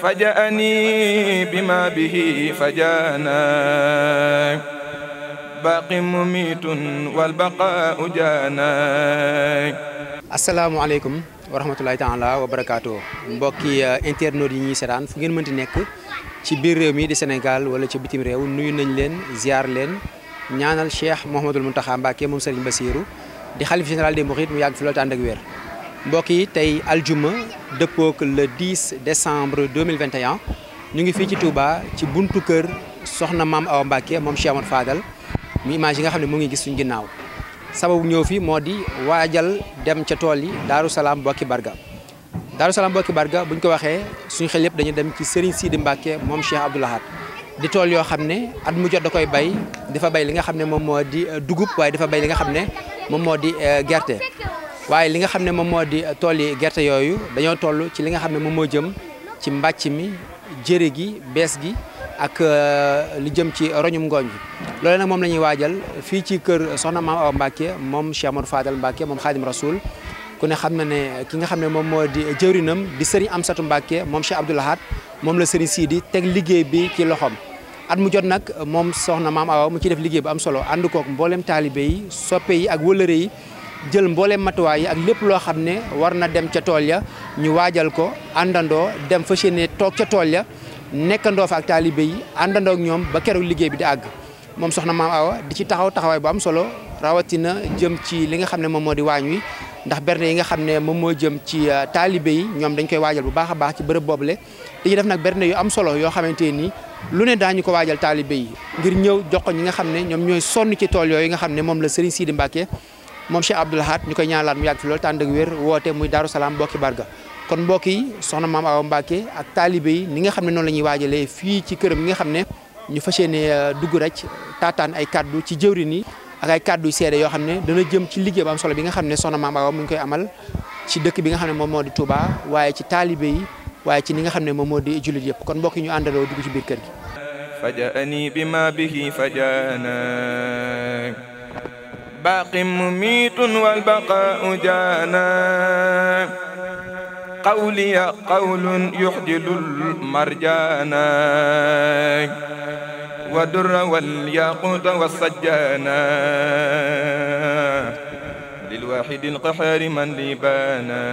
فجأني بما به فجانا باق مميت والبقاء جانا asalaamaaleykum wa rahmatulahi taala wa barakaatu mbokki euh, internautes yi ñuy seetaan fu ngeen mënti nekk ci biir réew mi di Sénégal wala ci bitim réew nuyu nañ leen ziar leen ñaanal Cheikh Mouhamadul Mountakha Mbacké moom Serigne Bassirou di xalif général des Mourides mu yàgg fi loolu te ànd mbokk yi tey aljuma dëppook le 10 décembre 2021 ñu ngi fii ci Touba ci buntu kër soxna maam aw Mbacke moom Cheikh Amadou Fadal mu image yi nga xam ne moo ngi gis suñ ginnaaw sababu ñëw fi moo di waajal dem ca tool yi Daaru Salaam Bokki Barga Daaru Salaam Bokki Barga bu ñu ko waxee suñ xel yëpp dañu dem ci Serigne Sidi Mbacke moom Cheikh Abdou Lahad di tool yoo xam ne at mu jot da koy bay dafa bay li nga xam ne moom moo di dugub waaye dafa bay li nga xam ne moom moo di eh, gerte waaye li nga xam ne moom moo di tool yi gerte yooyu dañoo toll ci li nga xam ne moom moo jëm ci mbàcc mi jëre gi bees gi ak euh, li jëm ci roñum ngooñ bi loolu nag moom la ñuy waajal fii ci kër soxna maam Awa Mbacke moom Cheikh Amadou Fadal Mbacke moom Xaadim Rasoul ku ne xam na ne ki nga xam ne moom moo di jëwrinam di sëriñ Amsatu Mbacke moom Cheikh Abdou moom la sëriñ Sidi teg liggéey bi ci loxoom at mu jot nag moom soxna maam Awa mu ci def liggéey bu am solo ànd mbooleem mboolem taalibe yi soppe yi ak wëlëre yi jël mbooleem matuwaay yi ak lépp loo xam ne war na dem ca tool ya ñu waajal ko àndandoo dem fas yéene toog ca tool ya nekkandoo fa ak taalibe yi àndandoo ñoom ba keroog liggéey bi di àgg moom soxna maam Awa di ci taxaw taxawaay bu am solo rawatina jëm ci li nga xam ne moom moo di waañ wi ndax berne yi nga xam ne moom moo jëm ci euh, taalibe yi ñoom dañ koy waajal bu baax baax ci bërëb boobu boobule dañuy def nag berne yu am solo yoo xamante nii lu ne daañu ko waajal taalibe yi ngir ñëw jox ko ñi nga xam ne ñoom sonn ci tool yooyu nga xam ne moom la Serigne Sidi Mbacke moom Cheikh Abdoul Ahad ñu koy ñaanalaat mu yàgg fi loolu tànd ak wér woote muy Daaru Salaam Boki Barga mbokk yi soxna maam Awa Mbacke ak taalibe yi ni nga xam ne noonu la ñuy waajalee fii ci këram yi nga xam ne ñu fas yéene euh, dugg rek taataan ay kaddu ci jëwrin yi ak ay kaddu yu yoo xam ne dana jëm ci liggéey bu am solo bi nga xam ne soxna maam Awa mu ngi koy amal ci dëkk bi nga xam ne moom moo di Touba waaye ci taalibe yi waaye ci ni nga xam ne moom moo di jullit yëpp kon mbokk yi ñu àndaloo dugg ci biir kër gi fajaani bima bihi fajaana باقي مميت والبقاء جانا قولي قول يحجل المرجانا والدر والياقوت والسجانا للواحد القحار من لبانا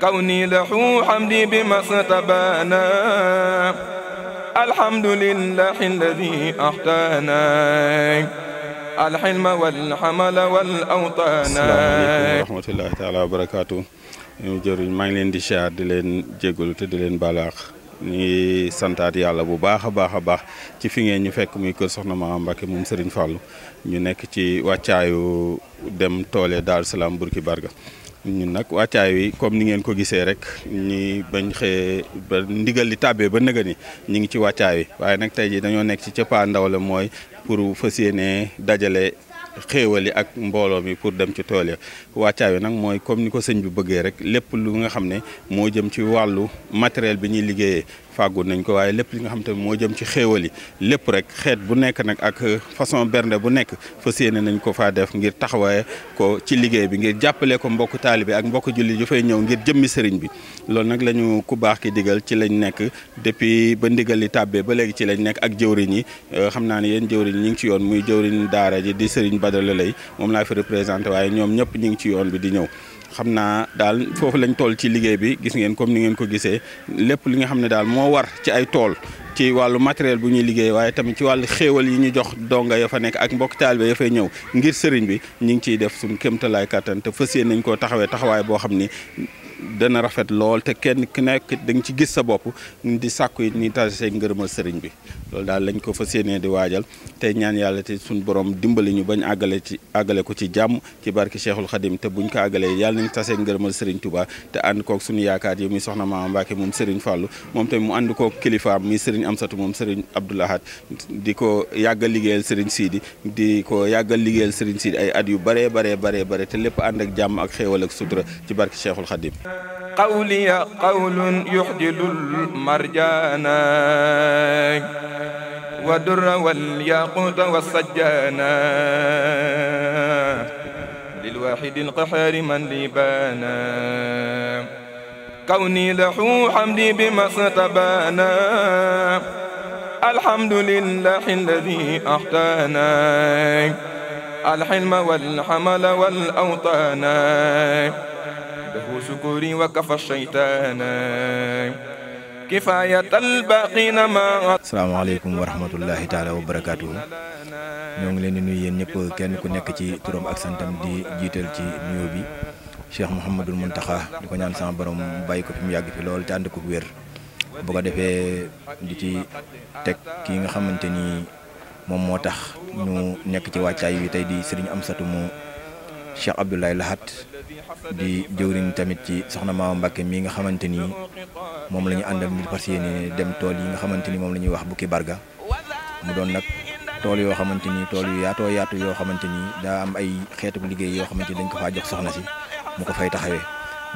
كوني لحو حمدي بما استبانا الحمد لله الذي أحتانا الحلم والحمل والأوطان السلام عليكم ورحمة الله تعالى وبركاته jëriñ maa ngi leen di siyaar di leen jégalu te di leen balaax ni santaat yàlla bu baax a baax a baax ci fi ngeen ñu fekk muy kër soxna Maam Mbacke moom Serigne Fallou ñu nekk ci wàccaayu dem toole Daaru Salaam Burki Barga ñun nag wàccaay wi comme ni ngeen ko gisee rek ñi bañ xëyee ba ndigal li tàbbee ba nëga ñu ngi ci wàccaay wi waaye nag tey ji dañoo nekk ci cëppaa ndaw la mooy pour fas yéene dajale xéewali ak mbooloo mi pour dem ci tool ya wàccaa wi nag mooy comme ni ko sëñ bu bëggee rek lépp lu nga xam ne moo jëm ci wàllu matériel bi ñuy liggéeyee fàggu nañ ko waaye lépp li nga xam te moo jëm ci xéewal yi lépp rek xeet bu nekk nag ak façon bernde bu nekk fas yéene nañ ko faa def ngir taxawaaye ko ci liggéey bi ngir jàppale ko mbokk taalibe ak mbokk julli ju fay ñëw ngir jëmmi sëriñ bi loolu nag la ñu ku baax ki digal ci lañ nekk depuis ba ndigal li tàbbee ba léegi ci lañ nekk ak jëwriñ yi euh, xam naa ne yéen jëwriñ ñi ngi ci yoon muy jëwriñ daara ji di sëriñ Badara lay moom laa fi représenté waaye ñoom ñëpp ñi ngi ci yoon bi di ñëw xam naa daal foofu lañ tool ci liggéey bi gis ngeen comme ni ngeen ko gisee lépp li nga xam ne daal moo war ci ay tool ci wàllu matériel bu ñuy liggéey waaye tamit ci wàllu xéewal yi ñu jox donga ya fa nekk ak mbokk taalibe ya fay ñëw ngir sëriñ bi ñu ngi ciy def suñu kéemtalaay kàttan te fas yéene nañ koo taxawee taxawaay boo xam ni dana rafet lool te kenn ki nekk da nga ci gis sa bopp di sàkku yi ni tasee ngërëmal sëriñ bi loolu daal lañ ko fa yéenee di waajal te ñaan yàlla te suñ borom dimbali ñu bañ àggale ci àggale ko ci jàmm ci barki Cheikhul Khadim te buñ ko àggalee yàlla nañ tasee ngërëmal sëriñ tubaa te ànd kook suñu yaakaar yi muy soxna Maama Mbacke moom sëriñ Fallou moom tamit mu ànd kook kilifaam muy sëriñ Amsatu moom sëriñ Abdoul Ahad di ko yàggal liggéeyal sëriñ Sidi di ko yàggal liggéeyal sëriñ Sidi ay at yu bare bare bare bare te lépp ànd ak jàmm ak xéewal ak sutura ci barki Cheikhul Khadim قولي قول يحجل المرجانا والدر والياقوت والسجانا للواحد القحار من لبانا كوني لحو حمدي بما استبانا الحمد لله الذي أحتانا الحلم والحمل والأوطانا له سكري وكفى الشيطان كفاية الباقين ما السلام عليكم ورحمة الله تعالى وبركاته ñoo ngi leen di nuy yéen ñëpp kenn ku nekk ci turam ak santam di jiital ci nuyoo bi Cheikh Mouhamadul Mountakha di ko ñaan sama borom bàyyi ko fi mu yàgg fi lool te ànd ko wér bu ko defee di ci teg ki nga xamante ni moom moo tax ñu nekk ci wàccaay wi tey di Serigne Amsatou mu Cheikh Abdoulaye Lahat di jëwrin tamit ci soxna Maama Mbacke mii nga xamante ni moom la ñu àndal ngir fas yéene dem tool yi nga xamante ni moom la ñuy wax bukki barga mu nag tool yoo xamante ni tool yu yaatoo yaatu yoo xamante ni daa am ay xeetu liggéey yoo xamante ni dañ ko faa jox soxna si mu ko fay taxawee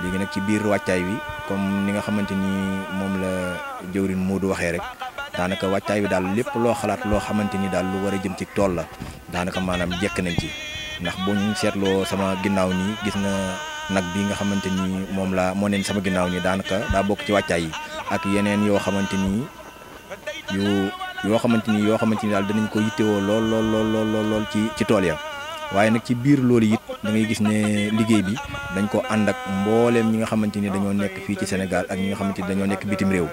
léegi nag ci biir wàccaay bi comme ni nga xamante ni moom la jëwriñ Moodu waxee rek daanaka wàccaay bi daal lépp loo xalaat loo xamante ni daal lu war a jëm ci tool la daanaka maanaam jekk nañ ci ndax boo ñu seetloo sama ginnaaw nii gis na nag bi nga xamante ni moom laa moo neen sama ginnaaw nii daanaka daa bokk ci wàccaay yi ak yeneen yoo xamante ni yoo xamante ni yoo xamante ni daal danañ ko yittewoo lool lool ci ci tool ya nag ci biir loolu it da ngay gis ne liggéey bi dañ ko ànd ak mbooleem ñi nga xamante ni dañoo nekk fii ci Sénégal ak ñi nga xamante ni dañoo nekk bitim réew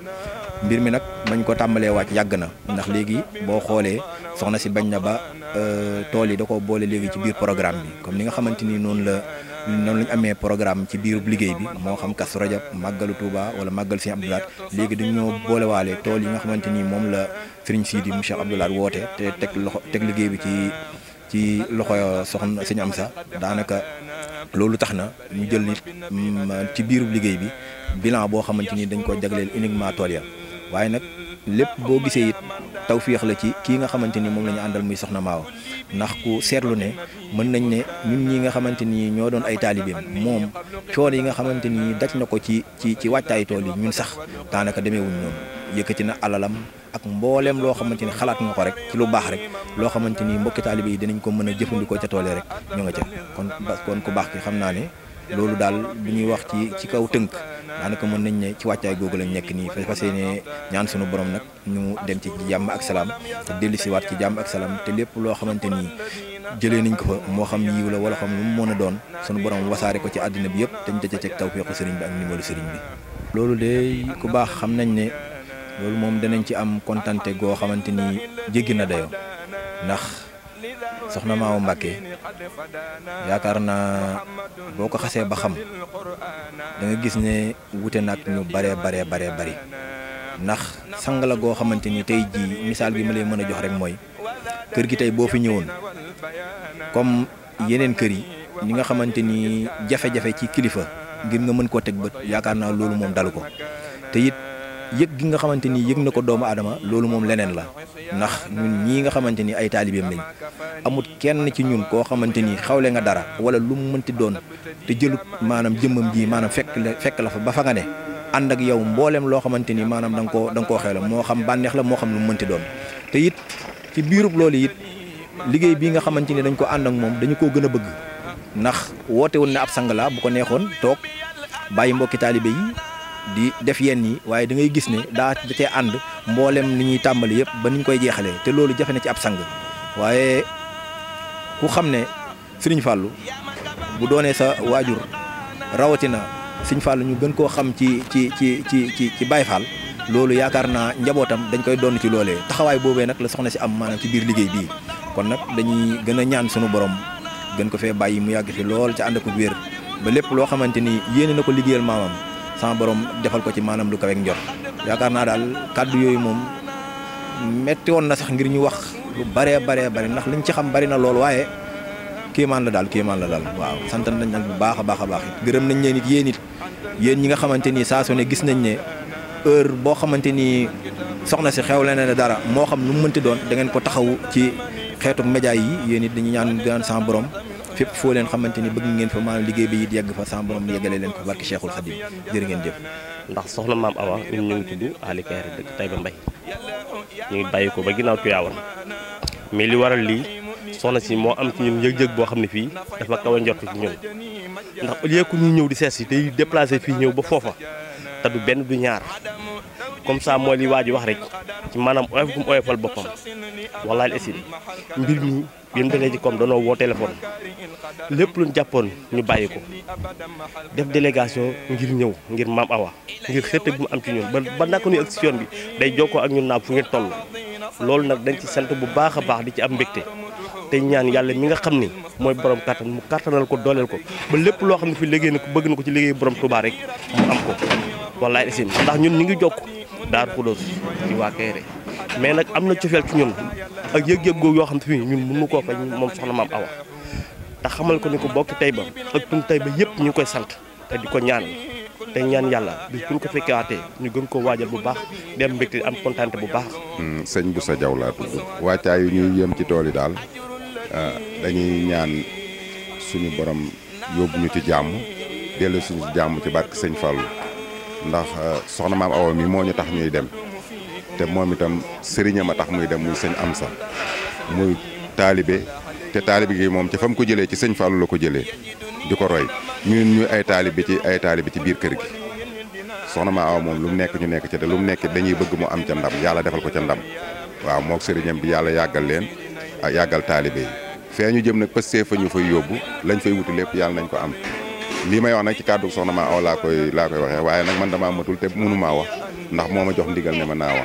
mbir mi nag bañ ko tàmbalee wàcc yàgg na ndax léegi boo xoolee soxna si bañ na ba euh, tool yi da ko boole léegi ci biir programme bi comme ni nga xamante ni noonu la noonu lañu amee programme ci biirub liggéey bi moo xam Kazu Rajab màggalu Touba wala màggal Serigne Abdou Lahad léegi dañoo boolewaale tool yi nga xamante ni moom la Serigne Sidi mu Cheikh Abdou Lahad woote te teg loxo teg liggéey bi ci ci loxo soxna am sax daanaka loolu tax na ñu jël nit mm, ci biirub liggéey bi bilan boo xamante ni dañ ko jagleel uniquement tool waaye nag tawféex la ci kii nga xamante ni moom la ñu àndal muy soxna Maawa ndax ku seetlu ne mën nañ ne ñun ñi nga xamante ni ñoo doon ay taalibeem moom coono yi nga xamante ni daj na ko ci ci ci wàccaay tool yi ñun sax daanaka demeewuñ noonu yëkkati na alalam ak mbooleem loo xamante ni xalaat nga ko rek ci lu baax rek loo xamante ni mbokki taalibe yi dinañ ko mën a jëfandikoo ca toole rek ñu nga ca kon kon ku baax ki xam naa ne loolu daal lu ñuy wax ci ci kaw tënk daanaka mën nañ ne ci wàccaay googu lañ nekk nii fas yéene ñaan sunu borom nag ñu dem ci jàmm ak salaam te dellu ci jàmm ak salaam te lépp loo xamante ni jëlee nañ ko fa moo xam yiw la wala xam lu mu mën a doon sunu borom wasaare ko ci àddina bi yëpp te ñu dëcc ak tawfeexu sëriñ bi ak numéro sëriñ bi. loolu de ku baax xam nañ ne loolu moom danañ ci am kontante goo xamante ni jéggi na dayoo ndax. soxna Maamu Mbàkke yaakaar naa boo ko xasee ba xam danga gis ne wute nag ñu baree baree baree bari ndax sang la goo xamante ni tey jii misaal bi ma lay mën a jox rek mooy kër gi tey boo fi ñëwoon comme yeneen kër yi ni nga xamante ni jafe-jafe ci kilifa ngir nga mën koo teg bët yaakaar naa loolu moom dalu ko te yëg gi nga xamante ni yëg na ko doomu aadama loolu moom leneen la ndax ñun ñii nga xamante ni ay taalibeem lañ amut kenn ci ñun koo xamante ni xawle nga dara wala lu mu mënti doon te jëlu maanaam jëmmam ji maanaam fekk la fekk la fa ba fa nga ne ànd ak yow mbooleem loo xamante ni maanaam da nga koo da nga koo xewle moo xam bànneex la moo xam lu mu mënti doon te it ci biirub loolu it liggéey bii nga xamante ni dañ ko ànd ak moom dañu koo gën a bëgg ndax wootewul woon ne ab sang la bu ko neexoon toog bàyyi mbokki taalibe yi di def yenn yi waaye dangay gis ne daa da cee ànd mboolem ni ñuy tàmbali yëpp ba ni ñu koy jeexalee te loolu jafe na ci ab sang waaye ku xam ne Sëriñ Fàllu bu doonee sa waajur rawatina Sëriñ Fàllu ñu gën koo xam ci ci ci ci ci ci Baay Faal loolu yaakaar naa njabootam dañ koy donn ci loolee taxawaay boobee nag la soxna si am maanaam ci biir liggéey bii kon nag dañuy gën a ñaan sunu borom gën ko fee bàyyi mu yàgg fi lool ca ànd ak wér ba lépp loo xamante ni yéene na ko liggéeyal sama borom defal ko ci maanaam lu kaweeg njor yaakaar naa daal kàddu yooyu moom metti woon na sax ngir ñu wax lu baree baree bari ndax liñ ci xam bari na lool waaye kéemaan la daal kéemaan la daal waaw sant nañ nag bu baax a baax a baax gërëm nañ leen it yéen it yéen ñi nga xamante ni saa su ne gis nañ ne heure boo xamante ni soxna si xew leneen dara moo xam lu mu mënti doon da ngeen ko taxawu ci xeetu média yi yéen it dañu ñaan gën sama borom fépp foo leen xamante ni bëgg ngeen fa maanaam liggéey bi it yegg fa sa borom leen ko barke Cheikhul Khadim jërë ngeen jëf ndax soxna maam Awa ñun ñu ngi tudd Aly Kayré dëkk Taïba Mbaye ñu ngi bàyyi ko ba ginnaaw tuyaawoon mais li waral lii soxna si moo am ci ñun yëg-yëg boo xam ne fii dafa kaw a njort ci ñun ndax au lieu que ñuy ñëw di seet si tey déplacé fii ñëw ba foofa te du benn du ñaar comme ça mooy li waa ji wax rek ci maanaam oyof gum oyofal bi mu dalee ci koom danoo woo téléphone lépp luñ jàppoon ñu bàyyi ko def délégation ngir ñëw ngir maam Awa ngir xëtte bi mu am ci ñun ba ba naka ñu ak si bi day jokkoo ak ñun naab fu ngeen toll loolu nag dañ ci sant bu baax a baax di ci am mbégte te ñaan yàlla mi nga xam ni mooy borom kattan mu kattanal ko dooleel ko ba lépp loo xam ne fi liggéey na ko bëgg na ko ci liggéey borom Touba rek mu am ko wallaay isim ndax ñun ñu ngi jokk Daaru Xudoos ci mais nag am na cofeel ci ñun ak yëg-yëg googu yoo xam te ni ñun mënu koo fay moom soxna maam Awa te xamal ko ñu ko bokk tey ba ak tun tey ba yëpp ñu koy sant te di ko ñaan te ñaan yàlla bis bu ñu ko fekkaatee ñu gën koo waajal bu baax dem mbégte am kontaan bu baax. Hmm, sëñ bu sa jaw laa tudd wàccaay yu ñuy yëm ci tool yi daal ah, dañuy ñaan suñu borom yóbbu ñu ci jàmm dellu suñu jàmm ci barke sëñ fal ndax ah, soxna maam Awa mi moo ñu tax ñuy dem. te moom itam sëriñam a tax muy dem muy sëñ am Amsa muy taalibe te taalibe gi moom ca fa ko jëlee ci sëñ Fallou la ko jëlee di ko roy ñun ñu ay taalibe ci ay taalibe ci biir kër gi soxna maa aw moom lu mu nekk ñu nekk ci te lu mu nekk dañuy bëgg mu am ca ndam yàlla defal ko ca ndam waaw moog sëriñam bi yàlla yàggal leen ak yàggal taalibe yi. fee ñu jëm nag pëstee fa ñu fay yóbbu lañ fay wuti lépp yàlla nañ ko am lii may wax nag ci kàddu soxna ma aw laa koy laa koy waaye nag man damaa matul te mënumaa wax ndax moo ma jox ndigal ne ma naa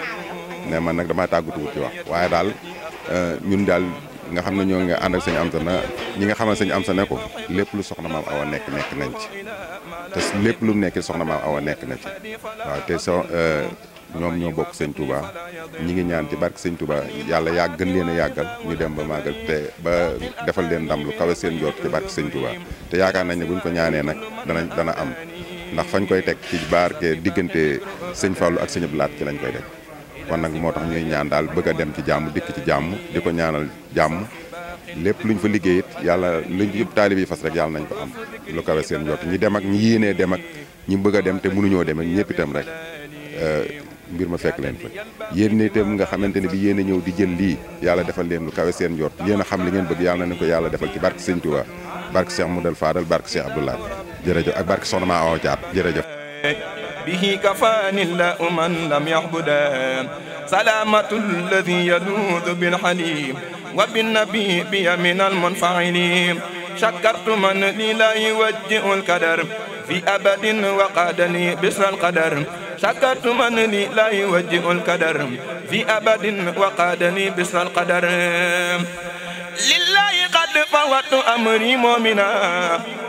ne man nag damaa tàggatuwut ci wax waaye daal euh, ñun daal nga xam ne ñoo ngi ànd ak sëñ Amsa na ñi nga xamal am sa ne ko lépp lu soxna maam awa nekk nekk nañ ci te lépp lu nekk soxna maam awa nekk na so euh, ñoom ñoo bokk sëñ Touba ñi ngi ñaan ci barke sëñ Touba yàlla yàgg gën leen yàggal ñu dem ba màggal te ba defal leen ndam lu kawe seen jot ci barke sëñ Touba te yaakaar nañ ne buñ ko ñaanee nag dana dana am ndax fañ koy teg ci barke diggante sëñ Fallou ak sëñ Abdou Lahat ci lañ koy teg. kon nag moo tax ñuy ñaan daal bëgg a dem ci jàmm dikk ci jàmm di ko ñaanal jàmm lépp luñ fa liggéey it yàlla luñ yëpp taalib yi fas rek yàlla nañ ko am lu kawe seen njort ñi dem ak ñi yéenee dem ak ñi bëgg dem te mënuñoo dem ak ñëpp itam rek euh, mbir ma fekk leen fa yéen itam nga xamante ne bi yéen a ñëw di jël lii yàlla defal leen lu kawe seen njort yéen a xam li ngeen bëgg yàlla nañ ko yàlla defal ci barke Sëñ Tuubaa barke Cheikh Moudal Fadal barke Cheikh Abdoulaye jërëjëf ak barke Soxna Maa Awa Caat jërëjëf به كفان الله من لم يعبدا سلامة الذي يدود بالحليم وبالنبي بي من المنفعلين شكرت من لي لا يوجئ الكدر في أبد وقاد لي بسر القدر شكرت من لي لا يوجئ الكدر في أبد وقاد لي بسر القدر لله قد فوت أمري مؤمنا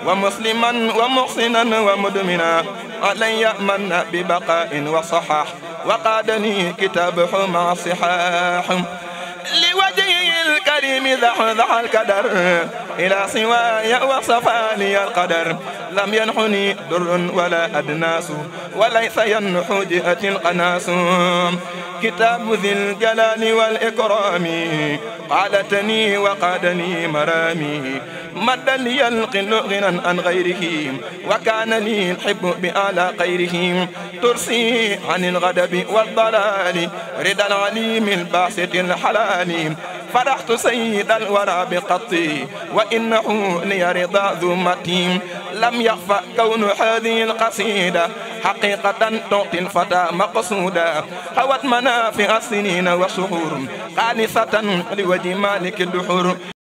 ومسلما ومحسنا ومدمنا علي من ببقاء وصحاح وقادني كتابه مع صحاح لوجهه الكريم ذحذح الكدر إلى سواي وصفاني القدر لم ينحني در ولا أدناس وليس ينحو جئة القناس كتاب ذي الجلال والإكرام قالتني وقادني مرامي مد لي القل غنى عن غيره وكان لي الحب بأعلى خيره ترسي عن الغدب والضلال رضا العليم الباسط الحلال fadaxtu sayyidal wara bi qatti wa innahu li rida zumati lam yaxfa kawnu hadihi alqasida haqiqatan tu'ti alfata maqsuda hawat manafi as-sinina wa shuhur khalisatan li wajhi malik duhur